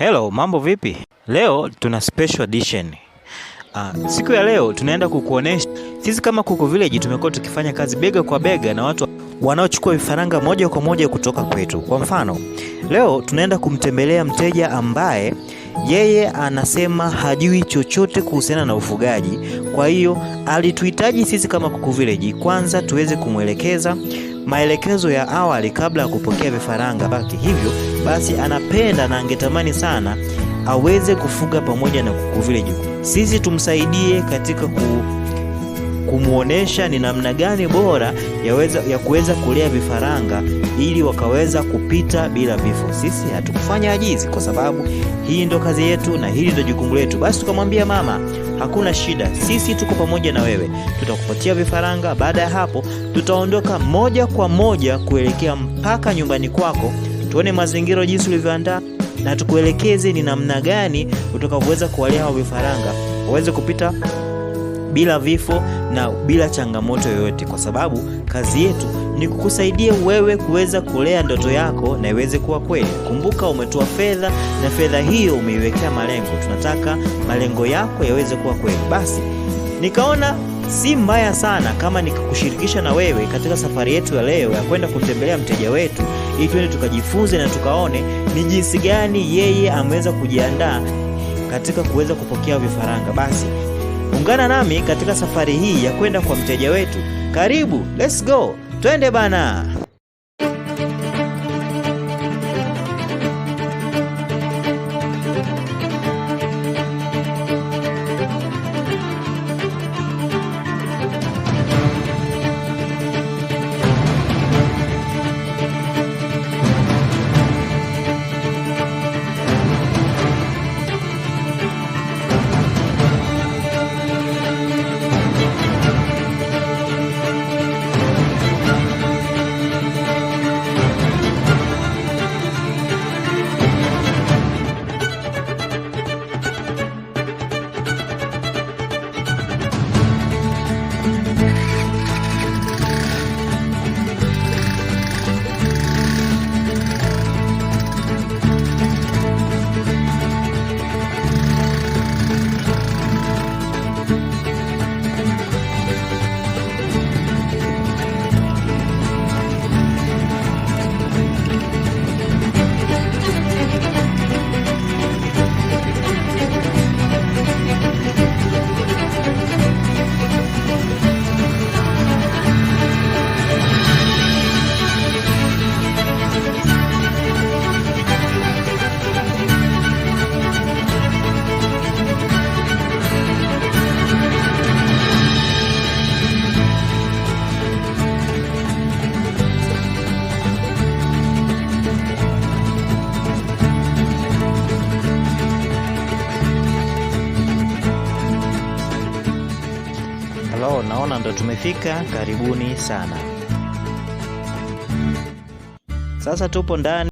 Hello, mambo vipi? Leo tuna special edition. Uh, siku ya leo tunaenda kukuonesha sisi kama Kuku Village tumekuwa tukifanya kazi bega kwa bega na watu wanaochukua vifaranga moja kwa moja kutoka kwetu. Kwa mfano, leo tunaenda kumtembelea mteja ambaye yeye anasema hajui chochote kuhusiana na ufugaji, kwa hiyo alituhitaji sisi kama Kuku Village kwanza tuweze kumwelekeza maelekezo ya awali kabla ya kupokea vifaranga baki. Hivyo basi, anapenda na angetamani sana aweze kufuga pamoja na Kuku Village, sisi tumsaidie katika ku kumuonesha ni namna gani bora yaweza, ya kuweza kulea vifaranga ili wakaweza kupita bila vifo. Sisi hatukufanya ajizi, kwa sababu hii ndo kazi yetu na hili ndo jukumu letu. Basi tukamwambia mama, hakuna shida, sisi tuko pamoja na wewe, tutakupatia vifaranga. Baada ya hapo, tutaondoka moja kwa moja kuelekea mpaka nyumbani kwako, tuone mazingira jinsi ulivyoandaa na tukuelekeze ni namna gani utakavyoweza kuwalea hao vifaranga waweze kupita bila vifo na bila changamoto yoyote, kwa sababu kazi yetu ni kukusaidia wewe kuweza kulea ndoto yako na iweze kuwa kweli. Kumbuka umetoa fedha na fedha hiyo umeiwekea malengo. Tunataka malengo yako yaweze kuwa kweli. Basi nikaona si mbaya sana kama nikakushirikisha na wewe katika safari yetu ya leo ya kwenda kumtembelea mteja wetu, ili twende tukajifunze na tukaone ni jinsi gani yeye ameweza kujiandaa katika kuweza kupokea vifaranga. Basi Ungana nami katika safari hii ya kwenda kwa mteja wetu. Karibu, let's go, twende bana. ndo tumefika. Karibuni sana. Sasa tupo ndani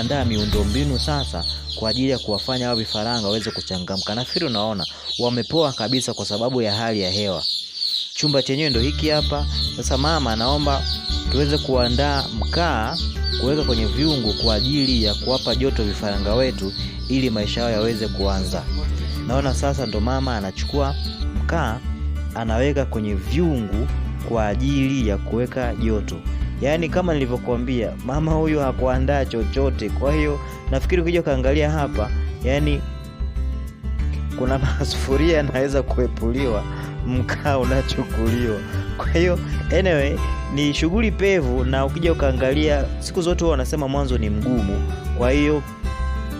Andaa miundombinu sasa kwa ajili ya kuwafanya hao vifaranga waweze kuchangamka. Nafikiri unaona wamepoa kabisa kwa sababu ya hali ya hewa. Chumba chenyewe ndo hiki hapa. Sasa mama anaomba tuweze kuandaa mkaa kuweka kwenye viungu kwa ajili ya kuwapa joto vifaranga wetu ili maisha yao yaweze kuanza. Naona sasa ndo mama anachukua mkaa anaweka kwenye viungu kwa ajili ya kuweka joto. Yaani kama nilivyokuambia, mama huyu hakuandaa chochote. Kwa hiyo nafikiri ukija ukaangalia hapa, yani kuna masufuria yanaweza kuepuliwa, mkaa unachukuliwa. Kwa hiyo anyway, ni shughuli pevu, na ukija ukaangalia, siku zote huwa wanasema mwanzo ni mgumu. Kwa hiyo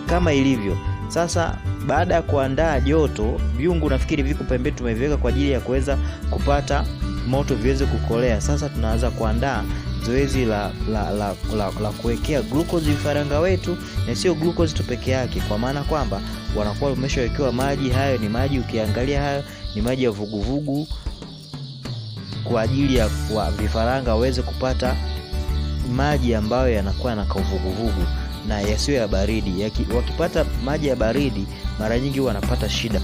kama ilivyo sasa baada ya kuandaa joto, vyungu nafikiri viko pembeni, tumeviweka kwa ajili ya kuweza kupata moto viweze kukolea. Sasa tunaanza kuandaa zoezi la, la, la, la, la kuwekea glucose vifaranga wetu, na sio glucose tu peke yake, kwa maana kwamba wanakuwa wameshawekewa maji. Hayo ni maji, ukiangalia hayo ni maji ya vuguvugu kwa ajili ya kwa vifaranga waweze kupata maji ambayo yanakuwa na kauvuguvugu na yasiyo ya baridi. wakipata maji ya baridi mara nyingi wanapata shida.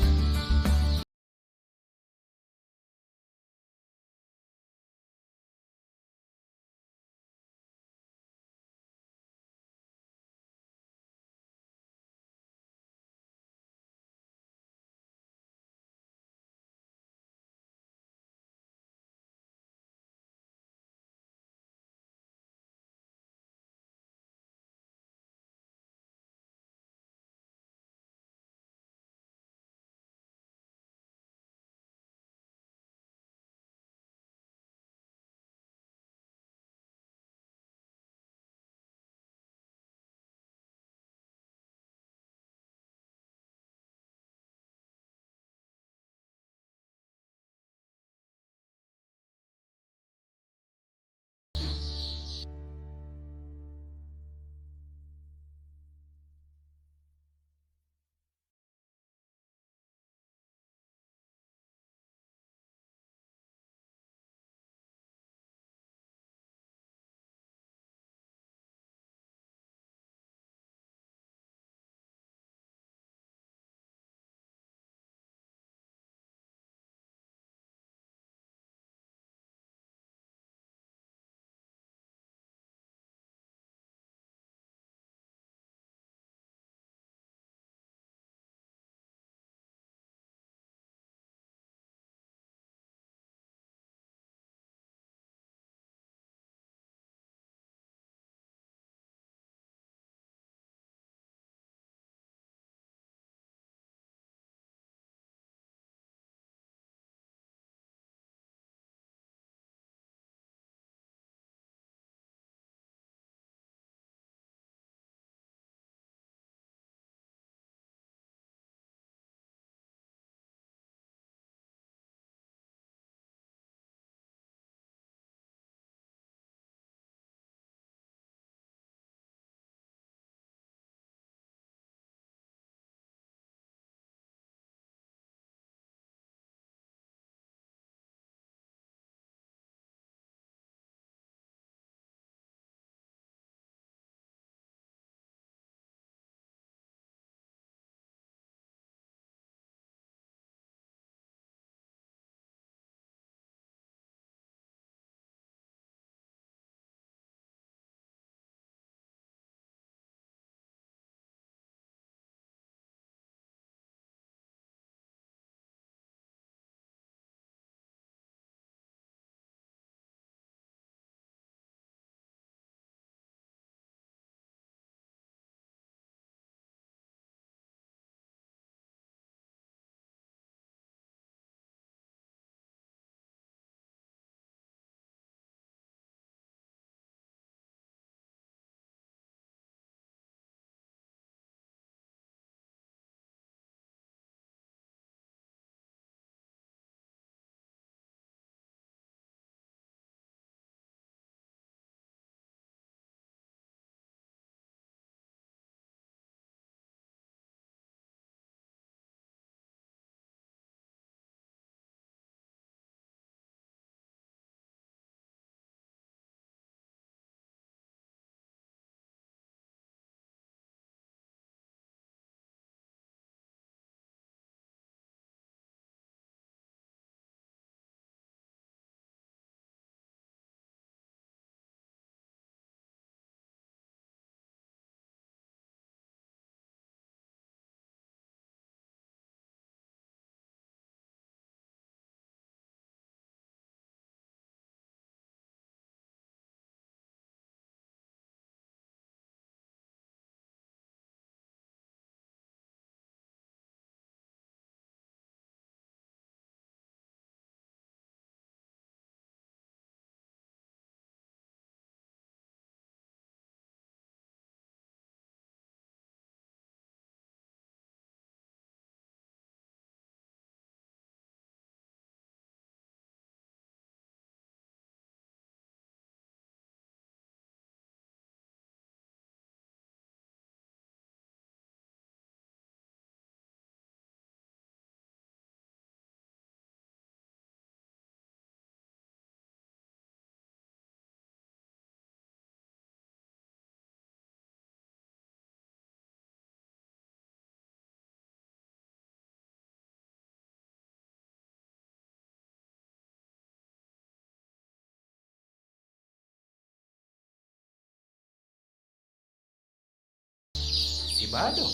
hiki bado.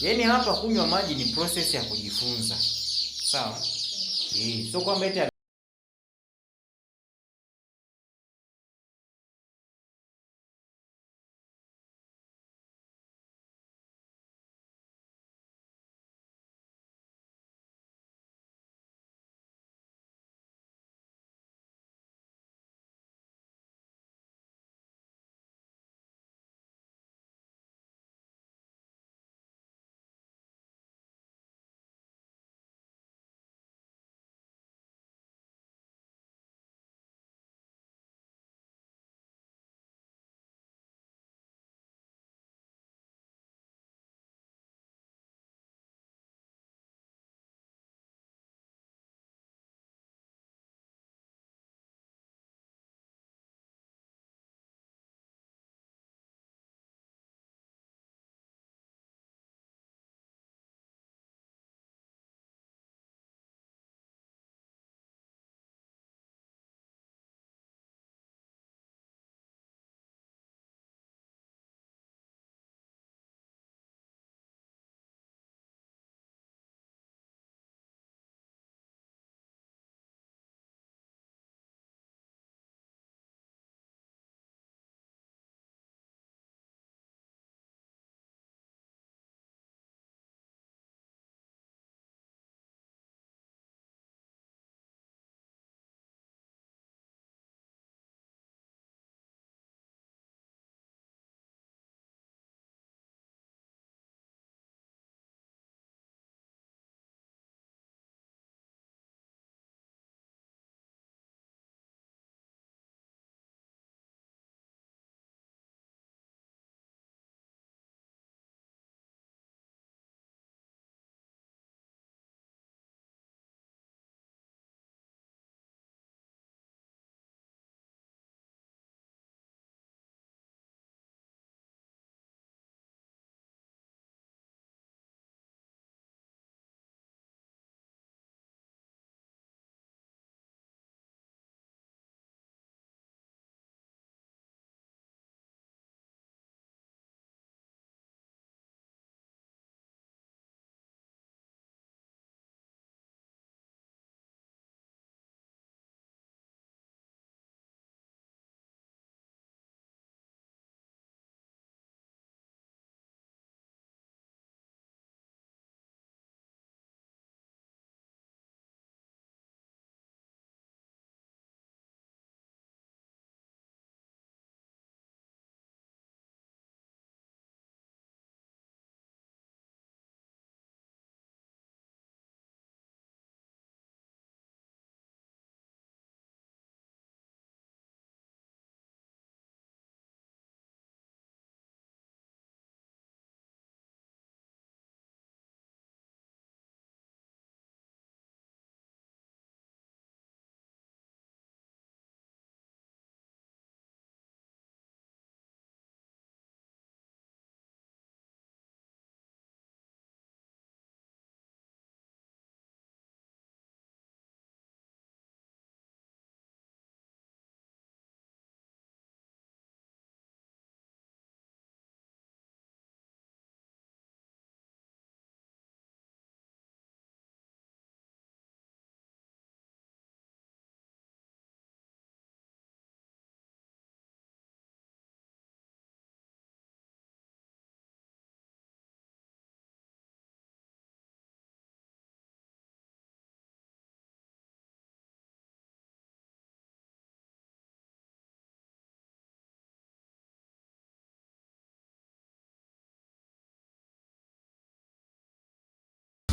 Yaani hapa kunywa maji ni process ya kujifunza, sawa? Eh, so kwamba eti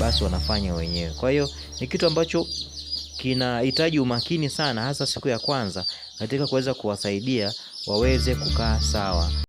basi wanafanya wenyewe. Kwa hiyo ni kitu ambacho kinahitaji umakini sana, hasa siku ya kwanza, katika kuweza kuwasaidia waweze kukaa sawa.